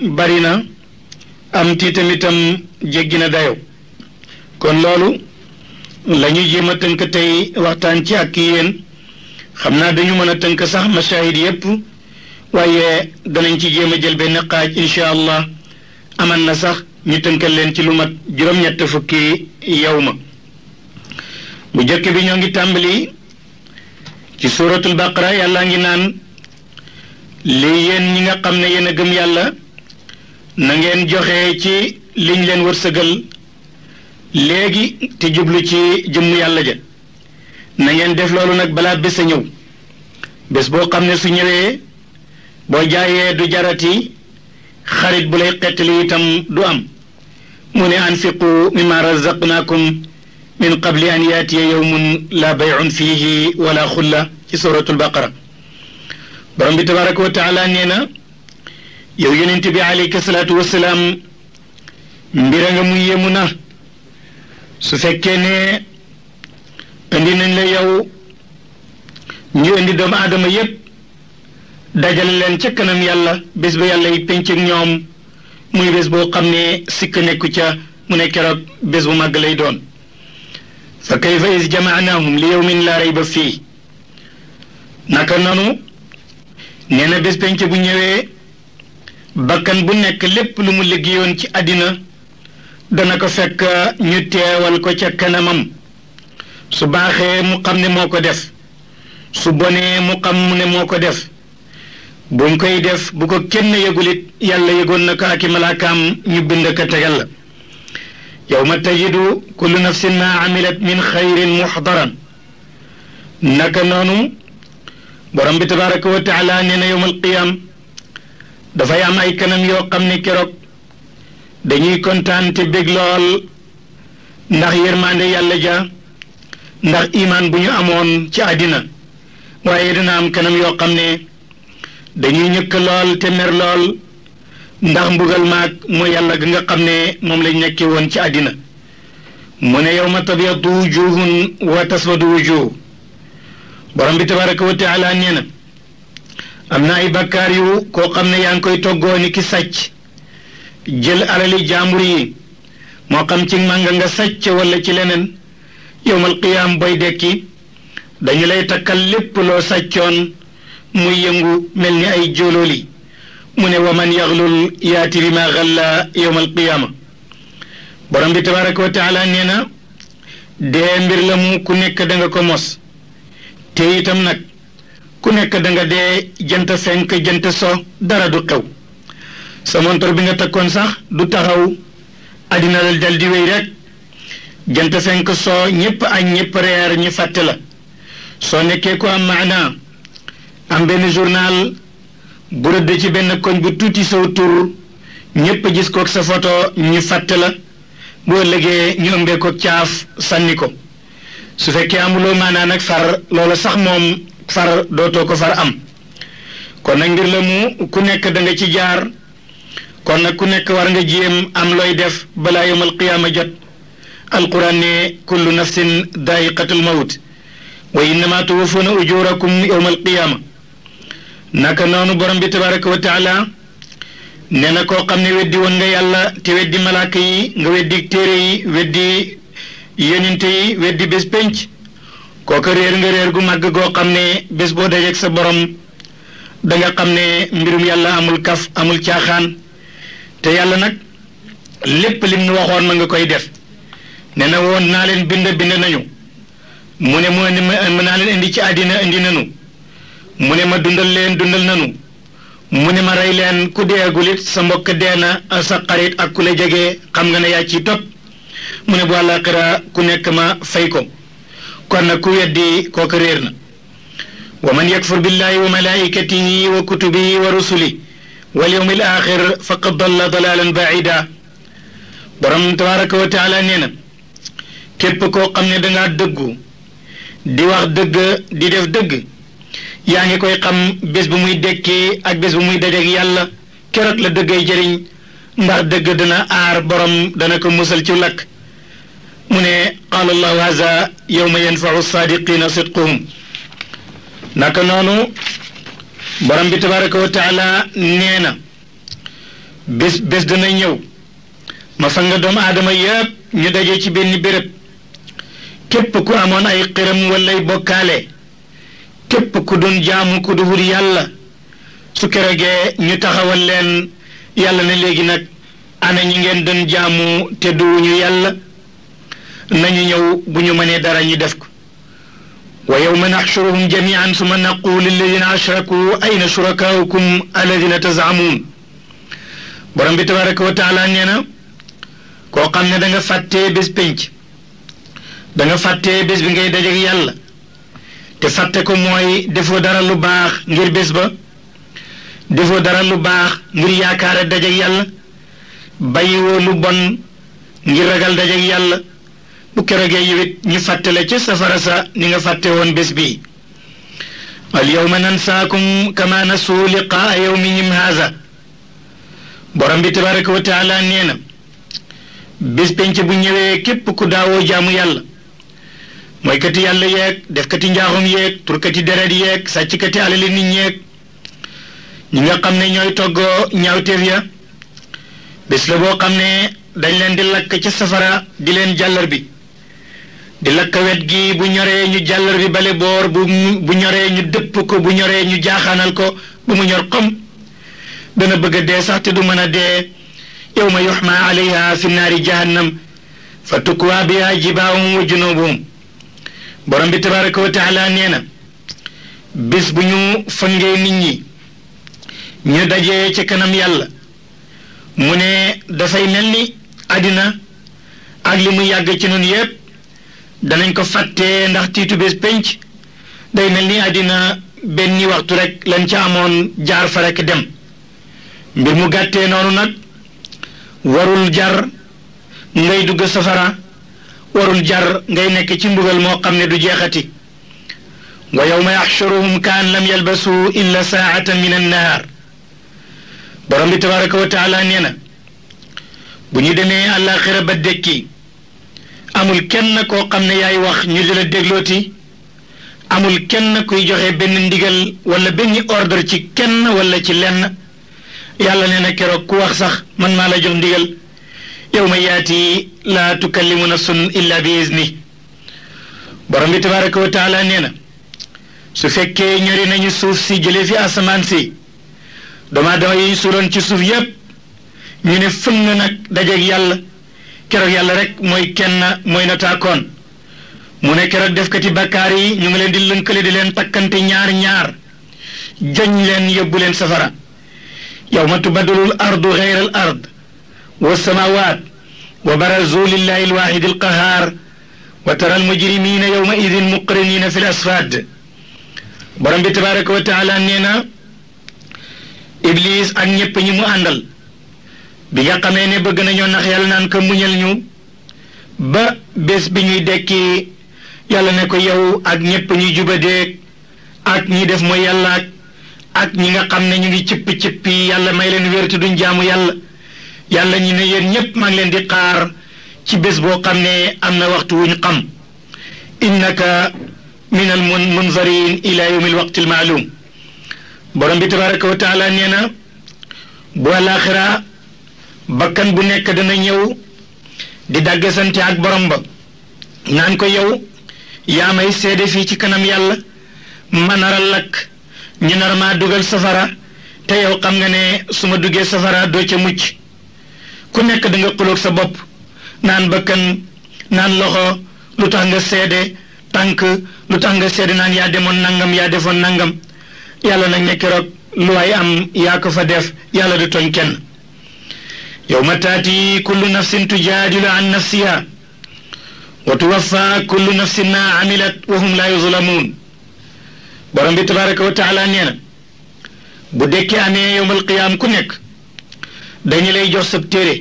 bari na am tiitam itam jéggi na dayo kon loolu la ñuy jéem a tënk tey waxtaan ci ak yéen xam naa dañu mën a tënk sax masaahid yépp waaye danañ ci jéem a jël benn xaaj incha allah aman na sax ñu tënkal leen ci lu mat juróom-ñett yow ma bu jëkk bi ñoo ngi tàmbali ci suuratul baqara yàlla ngi naan lii yéen ñi nga xam ne yéen a gëm yàlla na ngeen joxe ci liñ leen wërsëgal léegi te jublu ci jëmm yàlla ja na ngeen def loolu nag balaa bés a ñëw bés boo xam ne su ñëwee boo jaayee du jarati xarit bu lay xettali itam du am mu ne anfiqu mimma razaqnaakum min qabli an yow yowmun laa bayun fiihi wala xulla ci suratul baqara borom bi wa taala nee na yow yonent bi aleyka salaatu wasalaam mbira nga mu yéemu na su fekkee ne indi nañ la yow ñu indi doomu aadama yépp dajale leen ca kanam yàlla bés ba yàlla yi penc ak ñoom muy bés boo xam ne sikk nekku ca mu ne keroog bés bu màgg lay doon fa kayfa is jamaanaahum li yawmin laa rayba fii naka noonu nee na bés penc bu ñëwee bakkan bu nekk lépp lu mu liggéeyoon ci àddina dana ko fekk ñu teewal ko ca kanamam su baaxee mu xam ne moo ko def su bonee mu xam ne moo ko def buñ koy def bu ko kenn yëgulit yàlla yëgoon na ko malaakaam ñu bind ko tegal la yawma tajidu kullu nafsin maa amilat min xayrin muxdaran naka noonu borom bi tabaraka wa taala nee na qiyaam dafay am ay kanam yoo xam ne keroog dañuy kontaan te bég lool ndax yërmande yàlla ja ndax imaan bu ñu amoon ci àddina waaye dana am kanam yoo xam ne dañuy ñëkk lool te mer lool ndax mbugal maag mooy yàlla gi nga xam ne moom lañ nekke woon ci àddina mu ne yow ma tabyaddu wujuhun wa taswadu wujuh borom bi tabaraka wa taala nee na am na ay bakkaar yu koo xam ne yaa ngi koy toggoo ni ki sàcc jël alali jaambur yi moo xam ci màng nga sacc walla ci leneen yowmal qiyaam boy dekki dañu lay takkal lépp loo sàccoon muy yëngu mel ni ay jóolóoli mu ne wa man yaxlul yaati bi ma xalla yowmal qiyaama borom bi tabaraka wa nee na dee mbir la ku nekk danga nga ko mos te nag ku nekk da nga dee jënt fenk jënt so dara du xew sa montor bi nga takkoon sax du taxaw àddina la dal di wéy rek jënt fenk soo ñëpp añ ñëpp reer ñu fàtte la soo nekkee ko am maanaa am benn journal bu rëdd ci benn koñ bu tuuti saw tur ñëpp gis kook sa photo ñu fàtte la boo légee ñu ëmbee ko caaf sànni ko su fekkee amuloo maanaa nag far loola sax moom far dootoo ko far am kon nag ngir mu ku nekk da nga ci jaar kon nag ku nekk war nga jéem am looy def balaa yawmal qiyaama jot alquran ne kullu nafsin daayiqatul mawt wa innama tuwaffawna ujurakum yawmal qiyaama naka noonu borom bi tabaraka wa taala na koo xam ne weddi woon nga yàlla te weddi malaaka yi nga weddi téere yi weddi yonente yi weddi bés kooka réer nga réer gu màgg goo xam ne bés boo dajeeg sa borom danga xam ne mbirum yàlla amul kaf amul caaxaan te yàlla nag lépp lim nu waxoon ma nga koy def nee na woon naa leen bind bind nañu mu ne mu naa leen indi ci àddina indi nañu mu ne ma dundal leen dundal nañu mu ne ma rey leen ku deegul it sa mbokk dee na sa xarit ak ku la jege xam nga ne yaa ciy topp mu ne bu àllaaxira ku nekk ma fay ko kon nag ku weddi kooka réer na wa man yakfur billahi wa malaikatihi wa kutubihi wa rusuli wal yawmi al axir faqad dalla dalalan baida borom tabaraka wa taala nee na képp koo xam ne dangaa dëggu di wax dëgg di def dëgg yaa ngi koy xam bés bu muy dekkee ak bés bu muy dajeek yàlla keroog la dëggay jëriñ ndax dëgg dana aar borom dana ko musal ci lakk mu ne qaala allahu haza yowma yanfau saadiqina sidquhum naka noonu borom bi tabaraka wa taala nee na bés bés dana ñëw ma nga doomu aadama yëpp ñu daje ci benn béréb képp ku amoon ay xiram walay bokkaale képp ku doon jaamu ku duhul yàlla su keregee ñu taxawal leen yàlla na léegi nag ana ñi ngeen doon jaamu te duwuñu yàlla nañu ñëw bu ñu mënee dara ñu def ko wa yawma naxshuruhum jamian summa naqulu lilladina ashraku ayna shurakaaukum alladina tazamuun borom bi tabaraka wa taala nee na koo xam ne danga nga fàttee bés pénc da nga bés bi ngay dajeek yàlla te fàtte ko mooy defoo dara lu baax ngir bés ba defoo dara lu baax ngir yaakaare dajeek yàlla bàyyiwoo lu bon ngir ragal dajeek yàlla bu kerogee yiwit ñu fàttale ca safara sa ni nga fàtte woon bés bi al yawma nansaakum kama nasu liqaa yawmihim haza borom bi tabaraka wa taala nee na bés penc bu ñëwee képp ku daawoo jaamu yàlla mooy kati yàlla yeeg def kati njaaxum yeeg turkati deret yeeg sàcc kati alali nit ñeeg ñi nga xam ne ñooy toggoo ñaawteef ya bés la boo xam ne dañ leen di lakk ca safara di leen jàllarbi di lakk gi bu ñoree ñu jàllar bi bale boor bu ñoree ñu dëpp ko bu ñoree ñu jaaxaanal ko ba mu ñor xom dana bëgg a dee sax te du mën a dee yawma yuxma alayha fi naari jahannam fa tukwaa biha jibaahum wa junubuhum borom bi tabaraka wa nee na bis bu ñu fangee nit ñi ñu dajee ci kanam yàlla mu ne dafay mel ni àddina ak li mu yàgg ci noonu yépp danañ ko fàttee ndax tiitu bés pénc day mel ni àddina benn waxtu rekk lañ ci amoon jaar fa rek dem mbir mu gàttee noonu nag warul jar ngay dugg safara warul jar ngay nekk ci mbugal moo xam ne du jeexati wa yawma yaxshuruhum kaan lam yalbasu illa saatan min annahaar borom bi tabaraka wa taala nee na bu ñu demee àllaaxira ba dékki amul kenn koo xam ne yaay wax ñu di la déglooti amul kenn kuy joxe benn ndigal wala benn ordre ci kenn wala ci lenn yàlla nee na keroog ku wax sax man maa la jox ndigal ma yaati laa tukallimu nafsun illa bi izni borom bi tabaraka wa nee na su fekkee ñori nañu suuf si jëlee fi asamaan si doomu aadama yi ñu ci suuf yépp ñu ne fëng nag dajeeg yàlla keroog yàlla rek mooy kenn mooy na taakoon mu ne keroog defkati bàkkaar yi ñu ngi leen di lënkale di leen takkante ñaar ñaar joñ leen yóbbu leen safara yawma tubaddalul ardu xeyral ard wa samawaat wa barazu lillahi alwaxidi alqahaar wa tara almujrimina yawma idin muqrinina fi l asfaad borom bi tabaraka wa taala nee na iblis ak ñëpp ñi mu àndal bi nga xamee ne bëgg nañoo nax yàlla naan ko muñal ñu ba bés bi ñuy dekki yàlla na ko yow ak ñépp ñuy jubadeeg ak ñuy def mooy yàlla ak ñi nga xam ne ñu ngi cippi cippi yàlla may leen wérti duñ jaamu yàlla yàlla ñu ne yéen ñépp maa ngi leen di xaar ci bés boo xam ne am na waxtu wuñ xam innaka min al munzarin ila yawmi alwaqti almaalum borom bi tabaraka wa taala nee na bakkan bu nekk dana ñëw di dàgge ak borom ba naan ko yow yaa may seede fii ci kanam yàlla ma nar lakk ñu nar maa dugal safara te yow xam nga ne su ma duggee safara doo ca mucc ku nekk danga nga xuloog sa bopp naan bakkan naan loxo lu tax nga seede tànk lu tax nga seede naan yaa demoon nangam yaa defoon nangam yàlla nag nekk roog lu waay am yaa ko fa def yàlla du tooñ kenn yawma taati kullu nafsin tujaadilu an nafsiha wa tuwaffa kullu nafsin amilat wa hum laa yuzlamuun borom bi tabaraka wa taala nee na bu dekkee amee yowmal qiyaam ku nekk dañu lay jox sab téere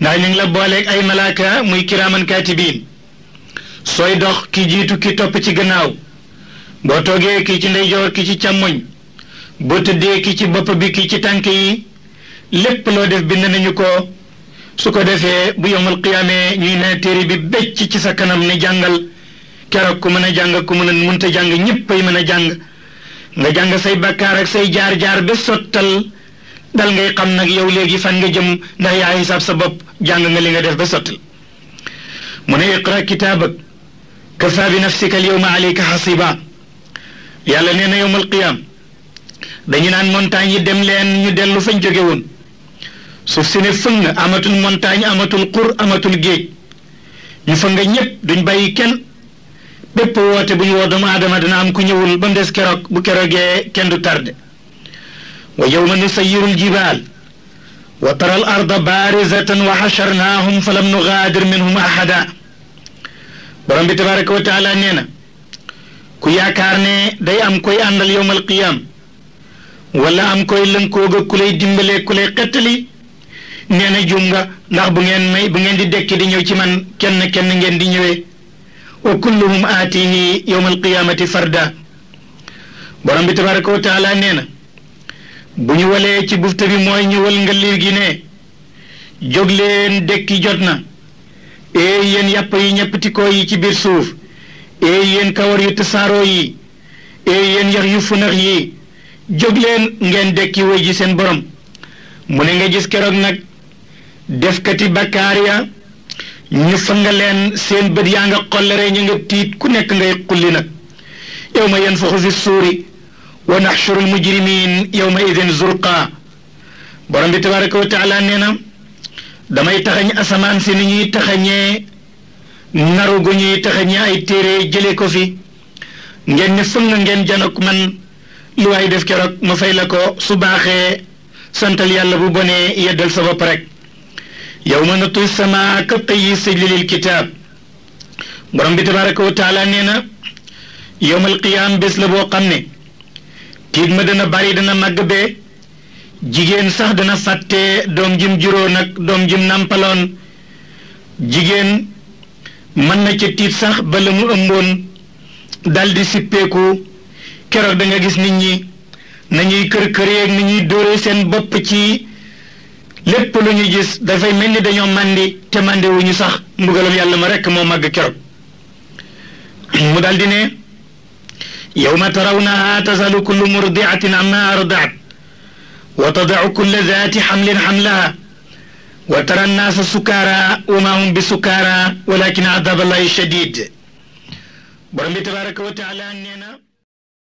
ndax ñu ngi la booleeg ay malaaka muy kiraaman kaatibiin sooy dox ki jiitu ki topp ci gannaaw boo toogee ki ci ndeyjoor ki ci càmmoñ boo tëddee ki ci bopp bi ki ci tànk yi lépp loo def bind nañu ko su ko defee bu yomul qiyaamee ñuy ne téere bi becc ci sa kanam ne jàngal keroog ku mën a jàng ku mën a mënta jàng ñëpp ay mën a jàng nga jàng say bakkaar say jaar-jaar ba sottal dal ngay xam nag yow léegi fan nga jëm ndax yaa xisaab sa bopp jàng nga li nga def ba sottal mu ne iqra kitaabak kafa bi nafsika alyawma alayka xasiba yàlla nee na yowmal qiyaam dañu naan montagne yi dem leen ñu dellu fañ jóge woon suuf si ne fëng amatul montagne amatul xur amatul géej ñu fëng ñépp duñ bàyyi kenn bépp woote bu ñu woo doomu dana am ku ñëwul ba des keroog bu keroogee kenn du tarde wa yawma nusayyirul jibaal wa taral arda baarizatan wa xasharnaahum falam nugaadir minhum ahada borom bi tabaraka wa ku yaakaar ne day am koy àndal yowmal qiyaam wala am koy lënkooga ku lay dimbalee ku lay xettali ngeen na jum nga ndax bu ngeen may bu ngeen di dekki di ñëw ci man kenn kenn ngeen di ñëwee wa kulluhum aatihi yowma alqiyaamati farda borom bi tabaraka wa nee na bu ñu walee ci bufta bi mooy ñu wal nga liir gi ne jóg leen dekki jot na eey yéen yàpp yi ñeppatikoo yi ci biir suuf eey yéen kawar yu tasaaroo yi eey yéen yax yu funax yi jóg leen ngeen dekki woy ji seen borom mu ne nga jis keroog nag defkati bakkaar ya ñu fa leen seen bët yaa nga xollare ñu nga tiit ku nekk ngay xulli nag yow ma yan faxu fi suuri wa naxshuru almujrimin yow ma idin zurqa borom bi tabaraka wa taala nee na damay taxañ asamaan si ni ñuy taxañee naru gu ñuy taxañee ay téere jële ko fi ngeen ne fëng ngeen janok man lu waay def keroog ma fay la ko su baaxee santal yàlla bu bonee yeddal sa bopp yawma natwi samaa ka tayyi sijli lil kitaab borom bi tabaraka wa taala nee na yowmal qiyaam bés la boo xam ne tiit ma dana bari dana màgg bee jigéen sax dana fàtte doom jim juróon ak doom jim nàmpaloon jigéen mën na ca tiit sax ba la mu ëmboon daldi sippeeku keroog danga gis nit ñi nañuy kër kër yeeg ni ñuy dóore seen bopp ci lépp gis dafay mel ni dañoo màndi te màndi wu ñu sax mbugalam yàlla ma rekk moo màgg keroog mu daal di ne yawma tarawnaha tazalu kullu murdiatin amma ardaat wa tadau kulla daati xamlin xamlaha wa tara sukaara wa maa hum bi sukaara walakin adab